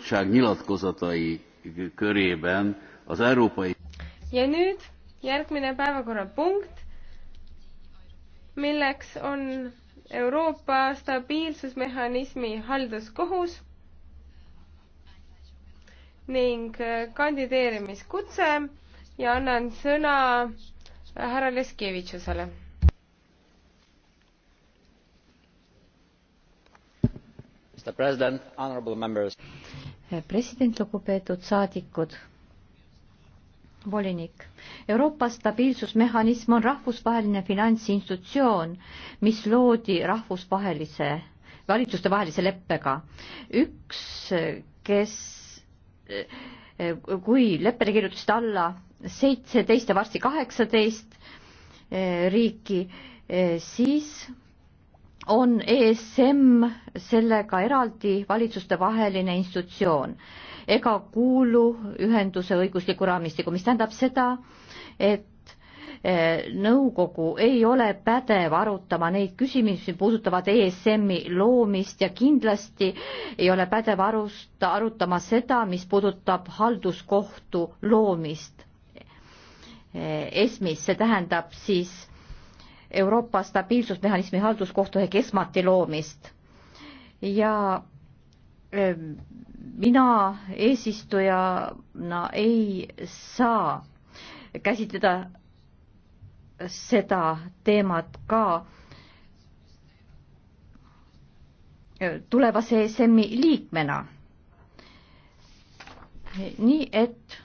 bizottság nyilatkozatai körében az európai... Ja nüüd järgmine päevakorrapunkt, milleks on Euroopa stabiilsusmehhanismi halduskohus ning äh, kandideerimiskutse ja annan sõna äh, härra Leskevitšusele. Mr President, honorable members president, lugupeetud saadikud, volinik. Euroopa stabiilsusmehhanism on rahvusvaheline finantsinstitutsioon, mis loodi rahvusvahelise, valitsustevahelise leppega. üks, kes, kui leppele kirjutasid alla seitseteist ja varsti kaheksateist eh, riiki, eh, siis on ESM sellega eraldi valitsustevaheline institutsioon ega kuulu ühenduse õigusliku raamistiku, mis tähendab seda, et eh, nõukogu ei ole pädev arutama neid küsimusi, puudutavad ESM-i loomist ja kindlasti ei ole pädev arust-, arutama seda, mis puudutab halduskohtu loomist ESM-is, eh, e see tähendab siis Euroopa stabiilsusmehhanismi halduskohtu ehk ESMAT-i loomist. ja ähm, mina eesistujana ei saa käsitleda seda teemat ka äh, tulevase ESM-i liikmena. nii et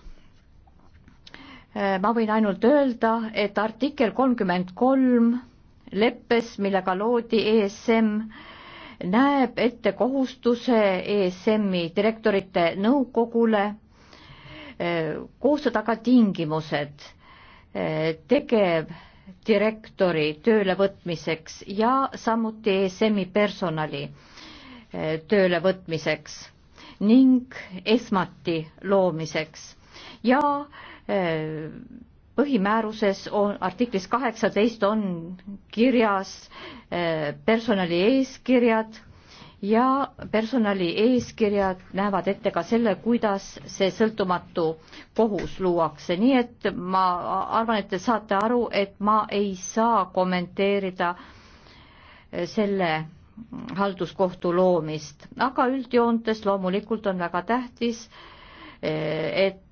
Äh, ma võin ainult öelda, et artikkel kolmkümmend kolm leppes, millega loodi ESM, näeb ette kohustuse ESM-i direktorite nõukogule äh, koostada ka tingimused äh, tegevdirektori töölevõtmiseks ja samuti ESM-i personali töölevõtmiseks ning esmati loomiseks ja äh, Äh, põhimääruses on, artiklis kaheksateist on kirjas äh, personali eeskirjad ja personali eeskirjad näevad ette ka selle, kuidas see sõltumatu kohus luuakse, nii et ma arvan, et te saate aru, et ma ei saa kommenteerida äh, selle halduskohtu loomist, aga üldjoontes loomulikult on väga tähtis, et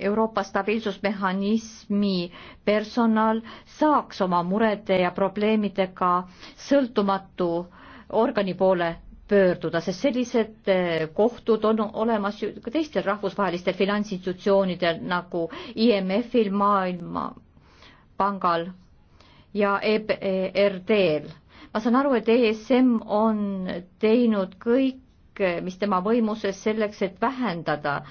Euroopa stabiilsusmehhanismi personal saaks oma murede ja probleemidega sõltumatu organi poole pöörduda, sest sellised eh, kohtud on olemas ju ka teistel rahvusvahelistel finantsinstitutsioonidel nagu IMF-il, Maailmapangal ja EBRD-l. E ma saan aru, et ESM on teinud kõik, eh, mis tema võimuses selleks, et vähendada äh,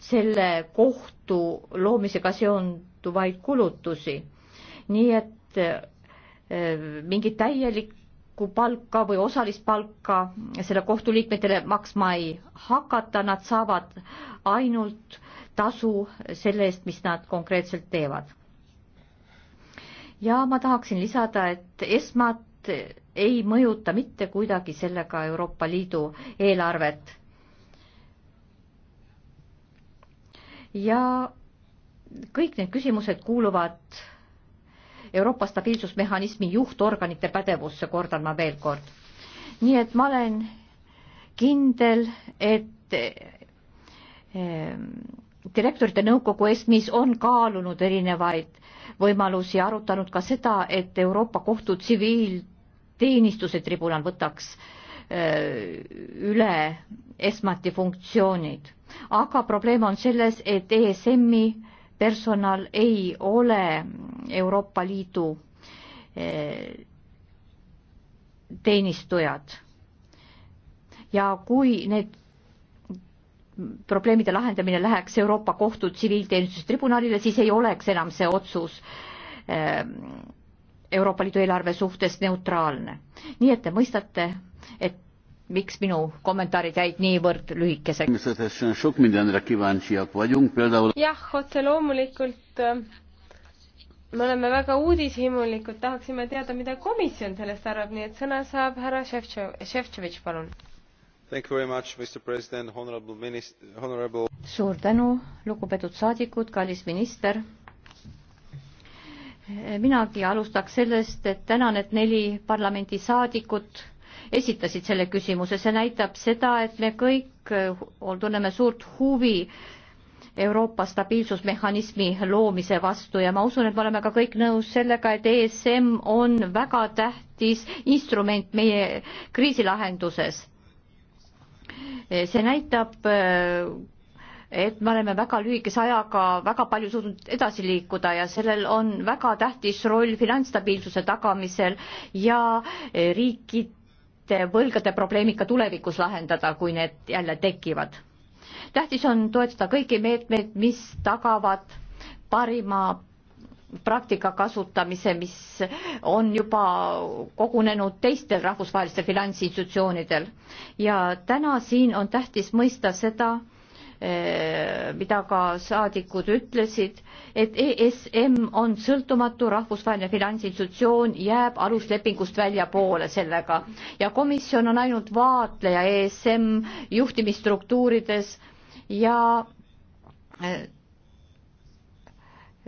selle kohtu loomisega seonduvaid kulutusi. nii et äh, mingit täielikku palka või osalist palka selle kohtu liikmetele maksma ei hakata, nad saavad ainult tasu selle eest, mis nad konkreetselt teevad. ja ma tahaksin lisada, et esmat ei mõjuta mitte kuidagi sellega Euroopa Liidu eelarvet ja kõik need küsimused kuuluvad Euroopa stabiilsusmehhanismi juhtorganite pädevusse, kordan ma veel kord. nii et ma olen kindel, et ehm, direktorite nõukogu ESMis on kaalunud erinevaid võimalusi ja arutanud ka seda, et Euroopa Kohtu tsiviilteenistuse tribunal võtaks ehm, üle ESMati funktsioonid aga probleem on selles, et ESM-i personal ei ole Euroopa Liidu eh, teenistujad. ja kui need probleemide lahendamine läheks Euroopa Kohtu tsiviilteenistustribunalile, siis ei oleks enam see otsus eh, Euroopa Liidu eelarve suhtes neutraalne. nii et te mõistate, et miks minu kommentaarid jäid niivõrd lühikeseks. jah, otse loomulikult äh, me oleme väga uudishimulikud, tahaksime teada, mida komisjon sellest arvab, nii et sõna saab härra Šefčovitš, palun. Honorable... suur tänu, lugupeetud saadikud, kallis minister. minagi alustaks sellest, et tänan, et neli parlamendisaadikut esitasid selle küsimuse, see näitab seda, et me kõik eh, tunneme suurt huvi Euroopa stabiilsusmehhanismi loomise vastu ja ma usun, et me oleme ka kõik nõus sellega, et ESM on väga tähtis instrument meie kriisilahenduses. Eh, see näitab eh, et me oleme väga lühikese ajaga väga palju suutnud edasi liikuda ja sellel on väga tähtis roll finantsstabiilsuse tagamisel ja riikid mitte võlgade probleemi ka tulevikus lahendada, kui need jälle tekivad. tähtis on toetada kõiki meetmeid, mis tagavad parima praktika kasutamise, mis on juba kogunenud teistel rahvusvahelistel finantsinstitutsioonidel. ja täna siin on tähtis mõista seda, Eh, mida ka saadikud ütlesid, et ESM on sõltumatu rahvusvaheline finantsinstitutsioon, jääb aluslepingust väljapoole sellega ja komisjon on ainult vaatleja ESM juhtimisstruktuurides ja eh,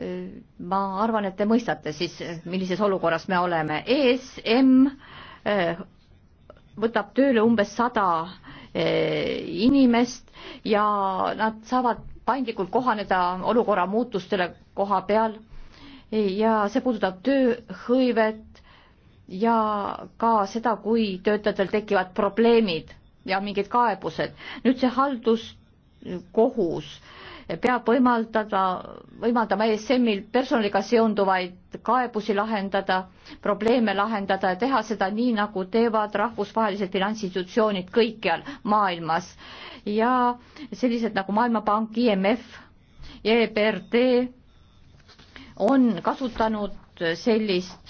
eh, ma arvan, et te mõistate siis, millises olukorras me oleme. ESM võtab tööle umbes sada Eh, inimest ja nad saavad paindlikult kohaneda olukorra muutustele koha peal ja see puudutab tööhõivet ja ka seda, kui töötajatel tekivad probleemid ja mingid kaebused. nüüd see halduskohus peab võimaldada, võimaldama ESM-il personaliga seonduvaid kaebusi lahendada, probleeme lahendada ja teha seda nii, nagu teevad rahvusvahelised finantsinstitutsioonid kõikjal maailmas. ja sellised nagu Maailmapank, IMF ja EBRD on kasutanud sellist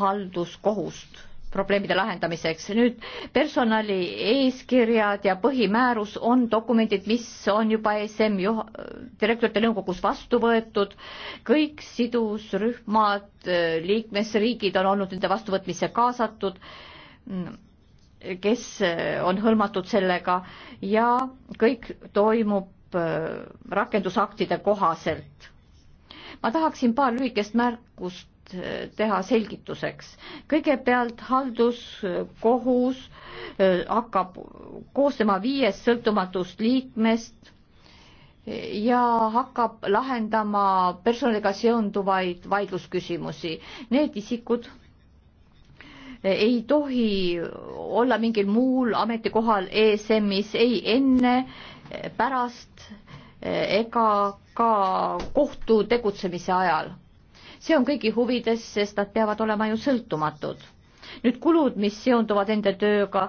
halduskohust probleemide lahendamiseks. nüüd personali eeskirjad ja põhimäärus on dokumendid, mis on juba ESM juh-, direktorite nõukogus vastu võetud, kõik sidusrühmad, liikmesriigid on olnud nende vastuvõtmisse kaasatud, kes on hõlmatud sellega ja kõik toimub äh, rakendusaktide kohaselt. ma tahaksin paar lühikest märkust Äh, teha selgituseks. kõigepealt halduskohus äh, hakkab koostama viiest sõltumatust liikmest ja hakkab lahendama personaliga seonduvaid vaidlusküsimusi. Need isikud ei tohi olla mingil muul ametikohal ESM-is ei enne, pärast äh, ega ka kohtu tegutsemise ajal see on kõigi huvides, sest nad peavad olema ju sõltumatud. nüüd kulud, mis seonduvad nende tööga,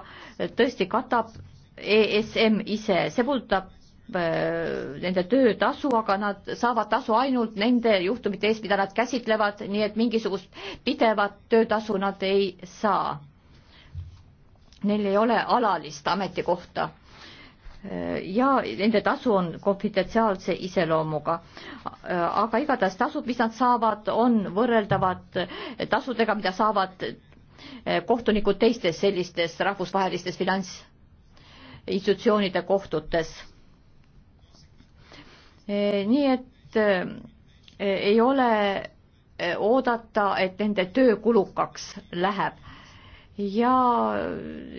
tõesti katab ESM ise, see puudutab äh, nende töötasu, aga nad saavad tasu ainult nende juhtumite eest, mida nad käsitlevad, nii et mingisugust pidevat töötasu nad ei saa. Neil ei ole alalist ametikohta ja nende tasu on konfidentsiaalse iseloomuga. aga igatahes tasud, mis nad saavad, on võrreldavad tasudega, mida saavad kohtunikud teistes sellistes rahvusvahelistes finantsinstitutsioonide kohtutes. nii et e, ei ole e, oodata, et nende töö kulukaks läheb ja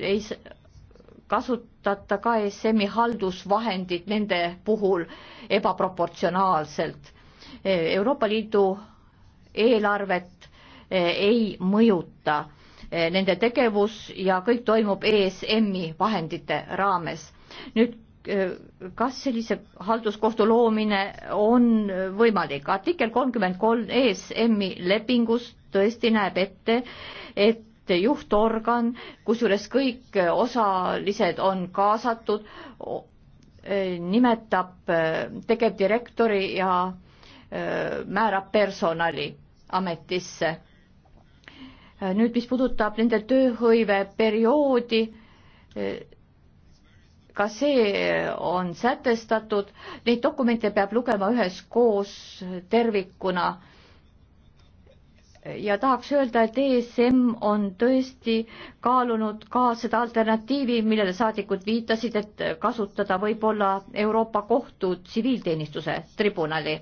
ei kasutata ka ESM-i haldusvahendid nende puhul ebaproportsionaalselt. Euroopa Liidu eelarvet eh, ei mõjuta eh, nende tegevus ja kõik toimub ESM-i vahendite raames. nüüd eh, kas sellise halduskohtu loomine on võimalik? artikkel kolmkümmend kolm ESM-i lepingus tõesti näeb ette, et juhtorgan, kusjuures kõik osalised on kaasatud, e, nimetab e, tegevdirektori ja e, määrab personali ametisse. nüüd, mis puudutab nende tööhõiveperioodi, ka see on sätestatud, neid dokumente peab lugema üheskoos tervikuna ja tahaks öelda, et ESM on tõesti kaalunud ka seda alternatiivi, millele saadikud viitasid, et kasutada võib-olla Euroopa Kohtu tsiviilteenistuse tribunali.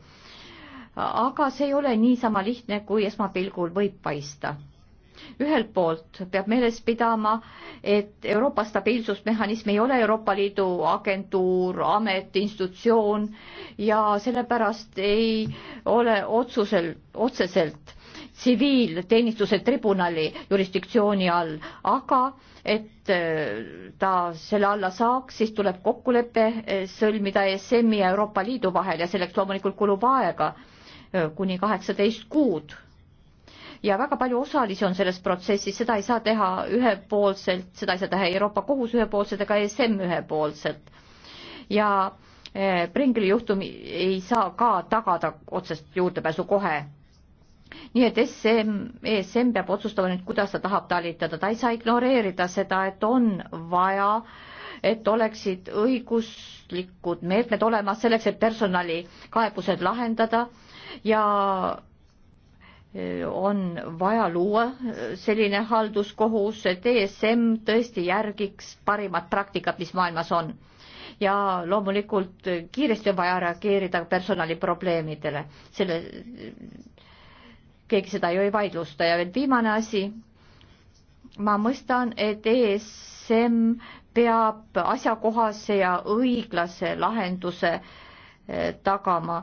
aga see ei ole niisama lihtne, kui esmapilgul võib paista. ühelt poolt peab meeles pidama, et Euroopa stabiilsusmehhanism ei ole Euroopa Liidu agentuur, amet, institutsioon ja sellepärast ei ole otsusel, otseselt tsiviilteenistuse tribunali jurisdiktsiooni all, aga et äh, ta selle alla saaks, siis tuleb kokkulepe äh, sõlmida ESM-i ja Euroopa Liidu vahel ja selleks loomulikult kulub aega äh, kuni kaheksateist kuud ja väga palju osalisi on selles protsessis, seda ei saa teha ühepoolselt, seda ei saa teha Euroopa Kohus ühepoolselt ega ESM ühepoolselt. ja Pringli juhtum ei saa ka tagada otsest juurdepääsu kohe nii et SM, ESM peab otsustama nüüd, kuidas ta tahab talitada, ta ei saa ignoreerida seda, et on vaja, et oleksid õiguslikud meetmed olemas selleks, et personalikaebused lahendada ja e, on vaja luua selline halduskohus, et ESM tõesti järgiks parimat praktikat, mis maailmas on ja loomulikult kiiresti on vaja reageerida personaliprobleemidele. selle keegi seda ju ei vaidlusta ja veel viimane asi. ma mõistan, et ESM peab asjakohase ja õiglase lahenduse eh, tagama,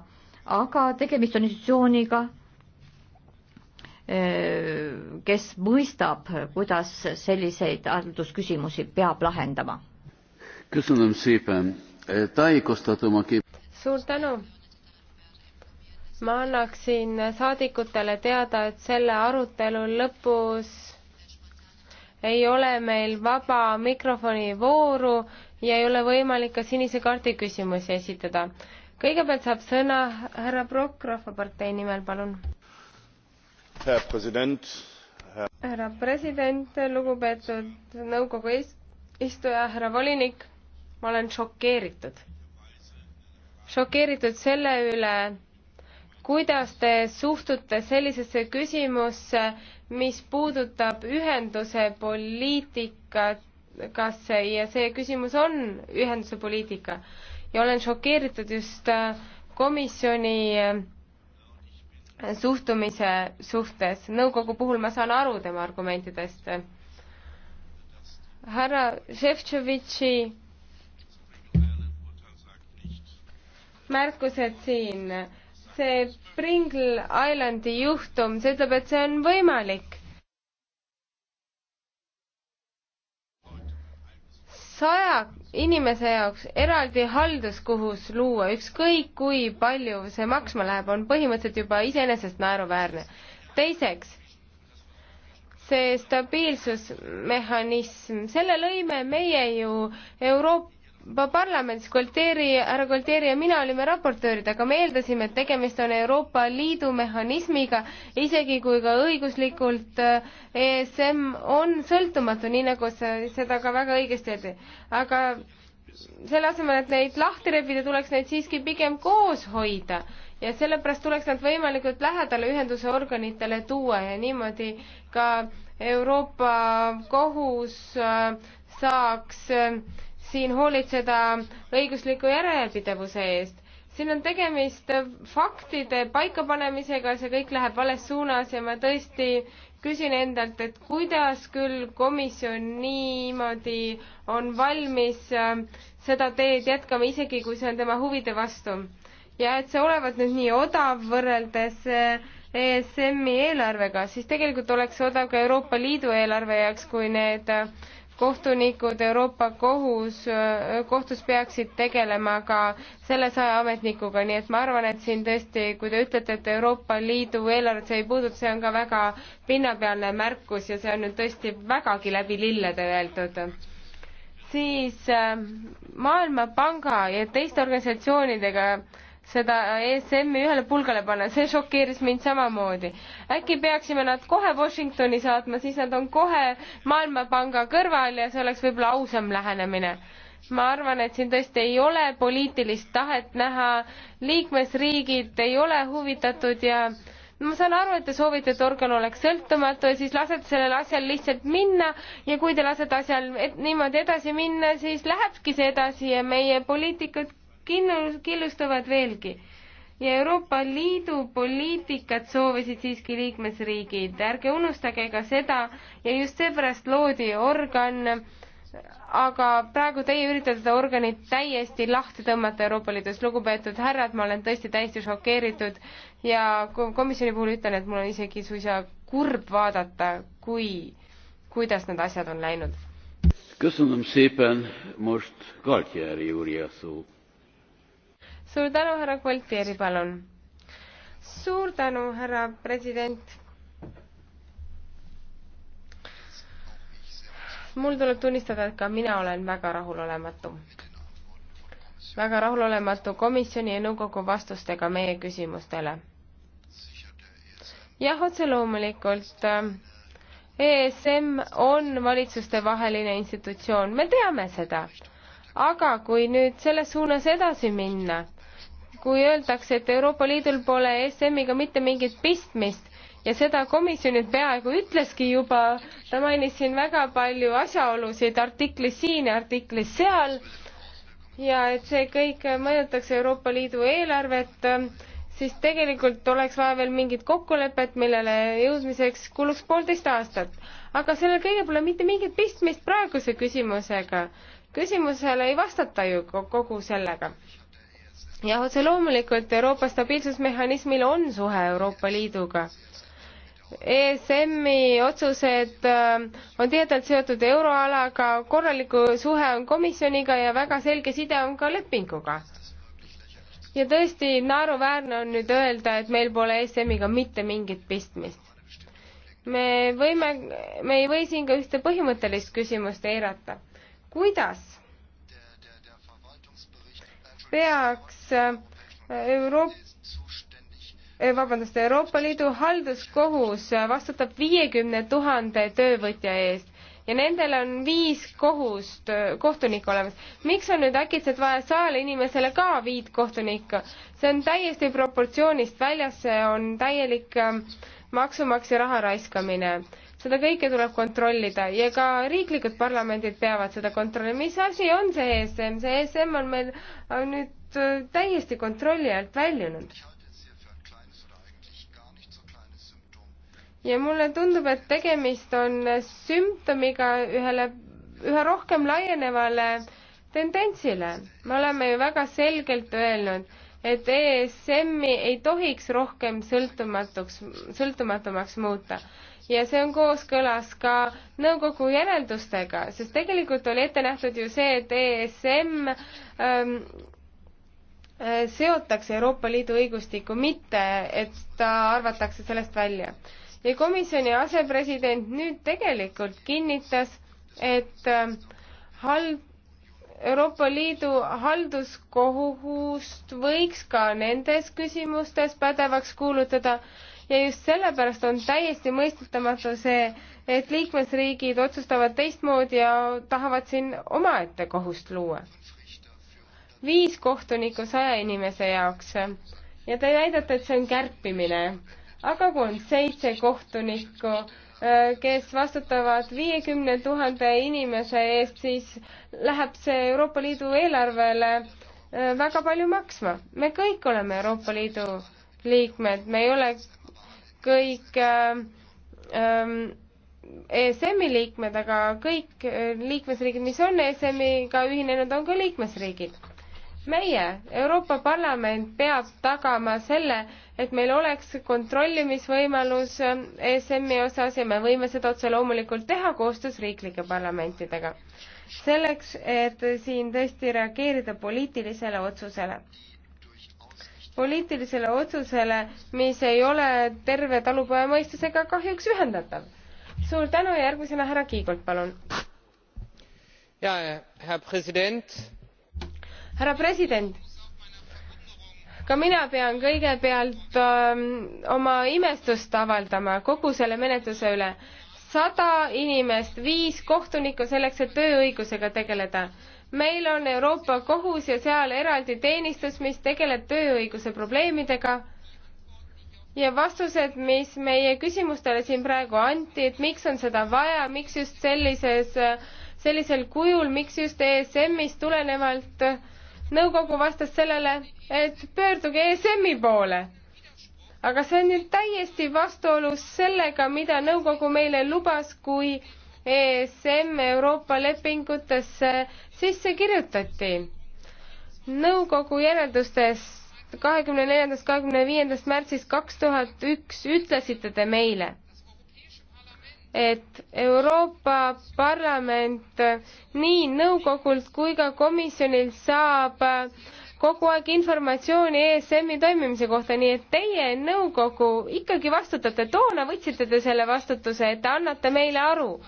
aga tegemist on institutsiooniga, eh, kes mõistab, kuidas selliseid haldusküsimusi peab lahendama. Eh, suur tänu ma annaksin saadikutele teada, et selle arutelu lõpus ei ole meil vaba mikrofoni vooru ja ei ole võimalik ka sinise kaardi küsimusi esitada. kõigepealt saab sõna härra Prokk Rahvapartei nimel, palun. härra president, härra president, lugupeetud nõukogu istuja, härra volinik, ma olen šokeeritud. šokeeritud selle üle, kuidas te suhtute sellisesse küsimusse, mis puudutab ühenduse poliitikasse ja see küsimus on ühenduse poliitika ja olen šokeeritud just äh, komisjoni äh, suhtumise suhtes. nõukogu puhul ma saan aru tema argumentidest. härra Šefčovitši märkused siin see Pringle Islandi juhtum, see ütleb, et see on võimalik. saja inimese jaoks eraldi halduskohus luua, ükskõik kui palju see maksma läheb, on põhimõtteliselt juba iseenesest naeruväärne. teiseks, see stabiilsusmehhanism, selle lõime meie ju Euroopa Euroopa Parlamendis Gualtieri, härra Gualtieri ja mina olime raportöörid, aga me eeldasime, et tegemist on Euroopa Liidu mehhanismiga, isegi kui ka õiguslikult äh, ESM on sõltumatu, nii nagu sa seda ka väga õigesti öeldi. aga selle asemel, et neid lahti rebida, tuleks neid siiski pigem koos hoida ja sellepärast tuleks nad võimalikult lähedale ühenduse organitele tuua ja niimoodi ka Euroopa Kohus äh, saaks äh, siin hoolitseda õigusliku järjepidevuse eest. siin on tegemist faktide paikapanemisega, see kõik läheb vales suunas ja ma tõesti küsin endalt, et kuidas küll komisjon niimoodi on valmis äh, seda teed jätkama, isegi kui see on tema huvide vastu. ja et see olevat nüüd nii odav võrreldes äh, ESM-i eelarvega, siis tegelikult oleks odav ka Euroopa Liidu eelarve jaoks, kui need äh, kohtunikud Euroopa kohus, kohtus peaksid tegelema ka selle saja ametnikuga, nii et ma arvan, et siin tõesti, kui te ütlete, et Euroopa Liidu eelarvet see ei puuduta, see on ka väga pinnapealne märkus ja see on nüüd tõesti vägagi läbi lillede öeldud siis äh, Maailmapanga ja teiste organisatsioonidega seda ESM-i ühele pulgale panna, see šokeeris mind samamoodi. äkki peaksime nad kohe Washingtoni saatma, siis nad on kohe Maailmapanga kõrval ja see oleks võib-olla ausam lähenemine. ma arvan, et siin tõesti ei ole poliitilist tahet näha, liikmesriigid ei ole huvitatud ja ma saan aru, et te soovite, et organ oleks sõltumatu ja siis lasete sellel asjal lihtsalt minna ja kui te lasete asjal et niimoodi edasi minna, siis lähebki see edasi ja meie poliitikud kinnu-, killustavad veelgi. ja Euroopa Liidu poliitikat soovisid siiski liikmesriigid, ärge unustage ka seda ja just seepärast loodi organ, aga praegu teie üritate seda organit täiesti lahti tõmmata Euroopa Liidus, lugupeetud härrad, ma olen tõesti täiesti šokeeritud ja komisjoni puhul ütlen, et mul on isegi suisa kurb vaadata, kui, kuidas need asjad on läinud. köszönöm szépen, most Galtieri úr a szó suur tänu, härra Gualtieri, palun. suur tänu, härra president mul tuleb tunnistada, et ka mina olen väga rahulolematu. väga rahulolematu komisjoni ja nõukogu vastustega meie küsimustele. jah, otse loomulikult äh, ESM on valitsustevaheline institutsioon, me teame seda. aga kui nüüd selles suunas edasi minna kui öeldakse, et Euroopa Liidul pole ESM-iga mitte mingit pistmist ja seda komisjon nüüd peaaegu ütleski juba, ta mainis siin väga palju asjaolusid artiklis siin ja artiklis seal ja et see kõik mõjutaks Euroopa Liidu eelarvet, siis tegelikult oleks vaja veel mingit kokkulepet, millele jõudmiseks kuluks poolteist aastat. aga sellel kõigel pole mitte mingit pistmist praeguse küsimusega. küsimusele ei vastata ju kogu sellega ja otse loomulikult Euroopa stabiilsusmehhanismil on suhe Euroopa Liiduga. ESM-i otsused äh, on tihedalt seotud euroalaga, korraliku suhe on komisjoniga ja väga selge side on ka lepinguga. ja tõesti, naeruväärne on nüüd öelda, et meil pole ESM-iga mitte mingit pistmist. me võime, me ei või siin ka ühte põhimõttelist küsimust eirata. kuidas peaks Euroopa eh, vabandust, Euroopa Liidu halduskohus vastutab viiekümne tuhande töövõtja eest ja nendel on viis kohust, kohtunikku olemas. miks on nüüd äkitselt vaja sajale inimesele ka viit kohtunikku? see on täiesti proportsioonist väljas, see on täielik ähm, maksumaksja raha raiskamine. seda kõike tuleb kontrollida ja ka riiklikud parlamendid peavad seda kontrollima. mis asi on see ESM? see ESM on meil on nüüd Äh, täiesti kontrolli alt väljunud. ja mulle tundub, et tegemist on sümptomiga ühele üha rohkem laienevale tendentsile. me oleme ju väga selgelt öelnud, et ESM-i ei tohiks rohkem sõltumatuks, sõltumatumaks muuta ja see on kooskõlas ka nõukogu järeldustega, sest tegelikult oli ette nähtud ju see, et ESM ähm, Äh, seotakse Euroopa Liidu õigustikku, mitte et ta arvatakse sellest välja. ja komisjoni asepresident nüüd tegelikult kinnitas, et ähm, hal-, Euroopa Liidu halduskohust võiks ka nendes küsimustes pädevaks kuulutada ja just sellepärast on täiesti mõistetamatu see, et liikmesriigid otsustavad teistmoodi ja tahavad siin omaette kohust luua viis kohtunikku saja inimese jaoks ja te väidate, et see on kärpimine. aga kui on seitse kohtunikku, äh, kes vastutavad viiekümne tuhande inimese eest, siis läheb see Euroopa Liidu eelarvele äh, väga palju maksma. me kõik oleme Euroopa Liidu liikmed, me ei ole kõik äh, ähm, ESM-i liikmed, aga kõik liikmesriigid, mis on ESM-iga ühinenud, on ka liikmesriigid meie, Euroopa Parlament peab tagama selle, et meil oleks kontrollimisvõimalus ähm, ESM-i osas ja me võime seda otse loomulikult teha koostöös riiklike parlamentidega. selleks, et siin tõesti reageerida poliitilisele otsusele. poliitilisele otsusele, mis ei ole terve talupojamõistusega kahjuks ühendatav. suur tänu ja järgmisena härra Kiigolt, palun. ja, härra äh, president härra president, ka mina pean kõigepealt öö, ähm, oma imestust avaldama kogu selle menetluse üle. sada inimest, viis kohtunikku selleks, et tööõigusega tegeleda. meil on Euroopa Kohus ja seal eraldi teenistus, mis tegeleb tööõiguse probleemidega ja vastused, mis meie küsimustele siin praegu anti, et miks on seda vaja, miks just sellises, sellisel kujul, miks just ESM-ist tulenevalt äh, nõukogu vastas sellele, et pöörduge ESM-i poole. aga see on ju täiesti vastuolus sellega, mida nõukogu meile lubas, kui ESM Euroopa lepingutesse sisse kirjutati. nõukogu järeldustes kahekümne neljandast, kahekümne viiendast märtsist kaks tuhat üks ütlesite te meile et Euroopa Parlament nii nõukogult kui ka komisjonilt saab kogu aeg informatsiooni ESM-i toimimise kohta, nii et teie nõukogu ikkagi vastutate, toona võtsite te selle vastutuse, et te annate meile aru.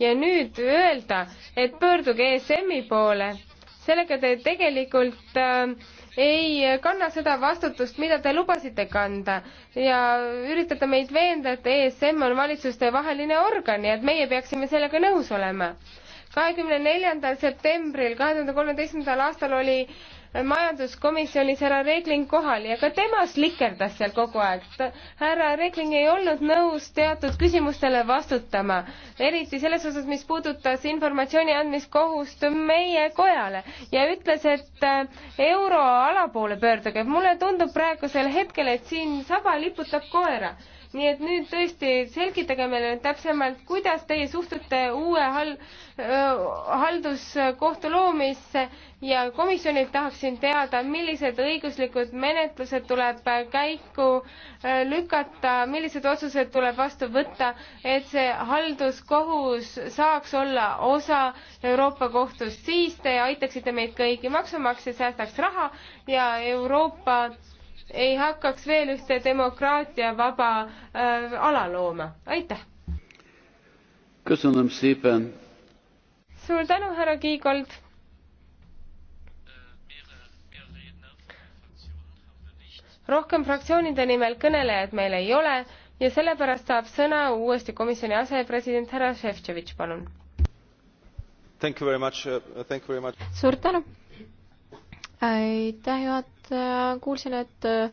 ja nüüd öelda, et pöörduge ESM-i poole, sellega te tegelikult äh, ei kanna seda vastutust, mida te lubasite kanda ja üritate meid veenda, et ESM on valitsustevaheline organ ja et meie peaksime sellega nõus olema. kahekümne neljandal septembril kahe tuhande kolmeteistkümnendal aastal oli majanduskomisjonis härra Reegling kohal ja ka tema slikerdas seal kogu aeg. härra Reegling ei olnud nõus teatud küsimustele vastutama, eriti selles osas, mis puudutas informatsiooni andmiskohust meie kojale ja ütles, et äh, euro alapoole pöörduge. mulle tundub praegusel hetkel, et siin saba liputab koera nii et nüüd tõesti selgitage meile nüüd täpsemalt, kuidas teie suhtute uue hal-, halduskohtu loomisse ja komisjonilt tahaksin teada, millised õiguslikud menetlused tuleb käiku lükata, millised otsused tuleb vastu võtta, et see halduskohus saaks olla osa Euroopa kohtust, siis te aitaksite meid kõiki, maksumaksja säästaks raha ja Euroopa ei hakkaks veel ühte demokraatia vaba äh, ala looma. aitäh! suur tänu, härra Kiigold! rohkem fraktsioonide nimel kõnelejaid meil ei ole ja sellepärast saab sõna uuesti komisjoni asepresident härra Šefčovič, palun. Uh, suur tänu! aitäh juhataja! Äh, kuulsin, et äh,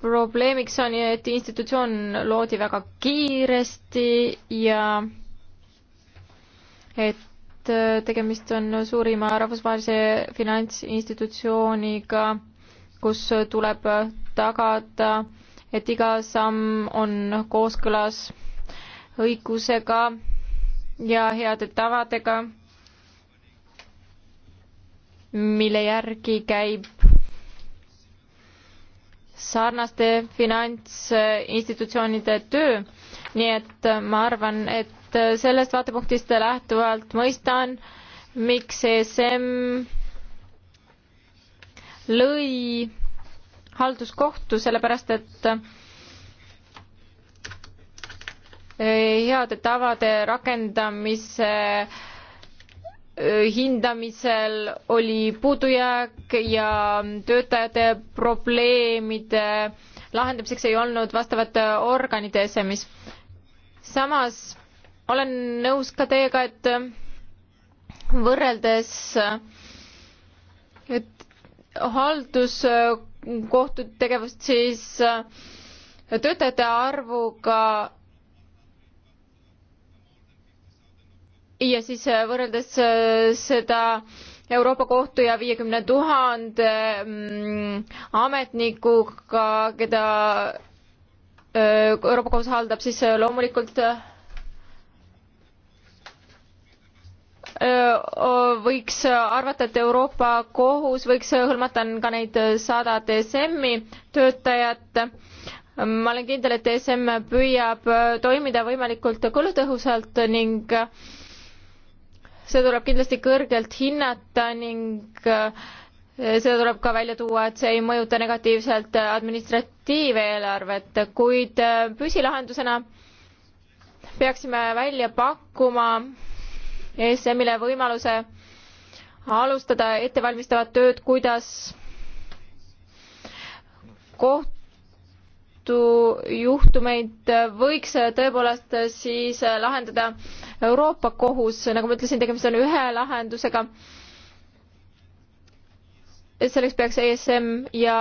probleemiks on, et institutsioon loodi väga kiiresti ja et äh, tegemist on suurima rahvusvahelise finantsinstitutsiooniga, kus tuleb tagada, et iga samm on kooskõlas õigusega ja heade tavadega mille järgi käib sarnaste finantsinstitutsioonide töö. nii et ma arvan, et sellest vaatepunktist lähtuvalt mõistan, miks ESM lõi halduskohtu, sellepärast et heade tavade rakendamise äh, hindamisel oli puudujääk ja töötajate probleemide lahendamiseks ei olnud vastavate organite esemis. samas olen nõus ka teiega, et võrreldes et halduskohtu tegevust, siis töötajate arvuga ja siis äh, võrreldes äh, seda Euroopa Kohtu ja viiekümne tuhande mm, ametnikuga, keda äh, Euroopa Kohus haldab, siis loomulikult võiks arvata, et Euroopa Kohus võiks hõlmata ka neid sada DSM-i töötajat. ma olen kindel, et DSM püüab toimida võimalikult kulutõhusalt ning äh, see tuleb kindlasti kõrgelt hinnata ning äh, seda tuleb ka välja tuua, et see ei mõjuta negatiivselt administratiiveelarvet, kuid äh, püsilahendusena peaksime välja pakkuma ESM-ile võimaluse alustada ettevalmistavat tööd, kuidas koht-, kohtujuhtumeid võiks tõepoolest siis lahendada Euroopa Kohus, nagu ma ütlesin, tegemist on ühe lahendusega. selleks peaks ESM ja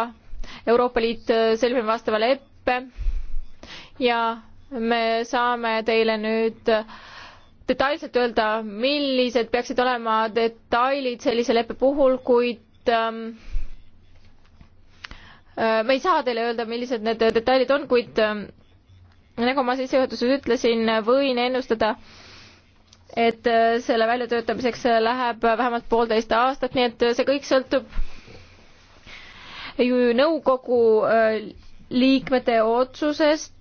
Euroopa Liit sõlmima vastava leppe ja me saame teile nüüd detailselt öelda, millised peaksid olema detailid sellise leppe puhul, kuid ähm, äh, me ei saa teile öelda, millised need detailid on, kuid ähm, nagu ma sissejuhatuses ütlesin, võin ennustada äh, et äh, selle väljatöötamiseks äh, läheb äh, vähemalt poolteist aastat, nii et see kõik sõltub ju nõukogu liikmete otsusest.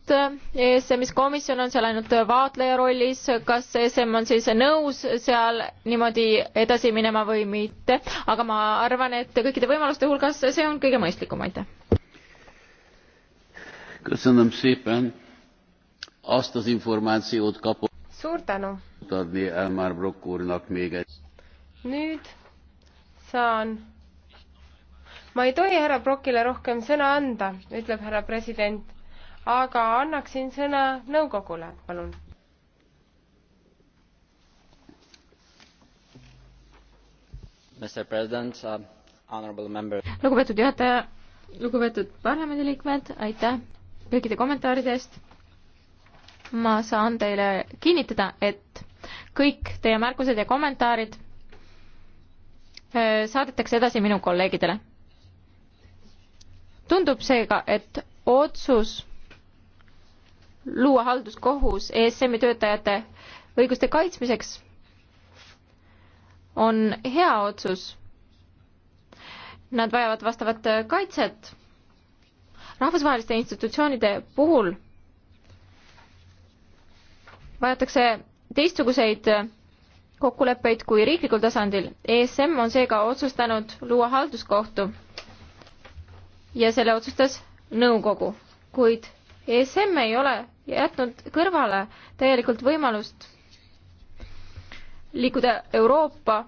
ESM-is komisjon on seal ainult vaatleja rollis, kas ESM on siis nõus seal niimoodi edasi minema või mitte, aga ma arvan, et kõikide võimaluste hulgas see on kõige mõistlikum, aitäh. suur tänu adni Elmar Brock úrnak még egy... Nüüd saan... Ma ei tohi härra Brockile rohkem sõna anda, ütleb härra president, aga annaksin sõna nõukogule, palun. Mr. President, uh, honorable member. Lugupeetud juhataja, lugupeetud parlamendiliikmed, aitäh kõikide kommentaaride eest ma saan teile kinnitada, et kõik teie märkused ja kommentaarid saadetakse edasi minu kolleegidele. tundub seega, et otsus luua halduskohus ESM-i töötajate õiguste kaitsmiseks on hea otsus. Nad vajavad vastavat kaitset. rahvusvaheliste institutsioonide puhul vajatakse teistsuguseid äh, kokkuleppeid kui riiklikul tasandil. ESM on seega otsustanud luua halduskohtu ja selle otsustas nõukogu, kuid ESM ei ole jätnud kõrvale täielikult võimalust liikuda Euroopa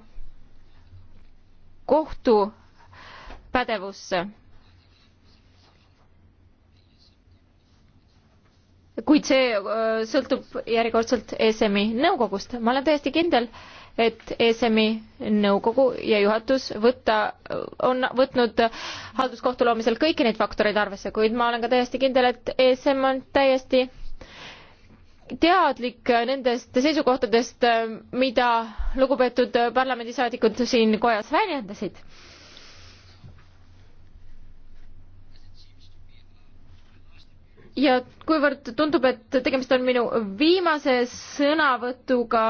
kohtu pädevusse kuid see sõltub järjekordselt ESM-i nõukogust. ma olen täiesti kindel, et ESM-i nõukogu ja juhatus võtta, on võtnud halduskohtu loomisel kõiki neid faktoreid arvesse, kuid ma olen ka täiesti kindel, et ESM on täiesti teadlik nendest seisukohtadest, mida lugupeetud parlamendisaadikud siin kojas väljendasid ja kuivõrd tundub, et tegemist on minu viimase sõnavõtuga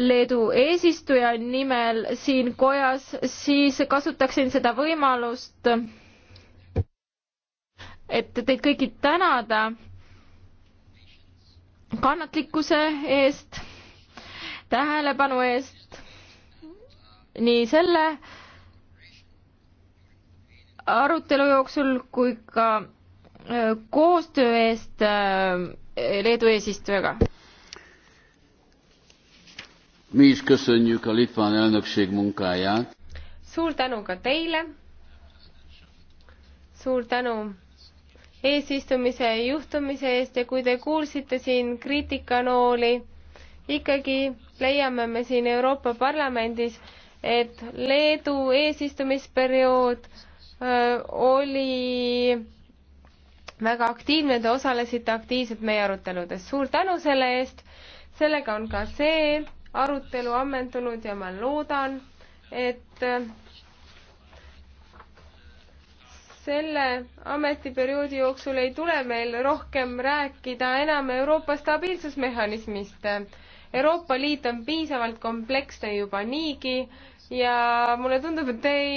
Leedu eesistuja nimel siin kojas, siis kasutaksin seda võimalust, et teid kõiki tänada kannatlikkuse eest, tähelepanu eest, nii selle arutelu jooksul kui ka koostöö eest äh, Leedu eesistujaga. mi is köszönjük a litván elnökség munkáját. suur tänu ka teile. suur tänu eesistumise juhtumise eest ja kui te kuulsite siin kriitikanooli, ikkagi leiame me siin Euroopa Parlamendis, et Leedu eesistumisperiood öö, äh, oli väga aktiivne, te osalesite aktiivselt meie aruteludes, suur tänu selle eest, sellega on ka see arutelu ammendunud ja ma loodan, et selle ametiperioodi jooksul ei tule meil rohkem rääkida enam Euroopa stabiilsusmehhanismist. Euroopa Liit on piisavalt kompleksne juba niigi ja mulle tundub, et te ei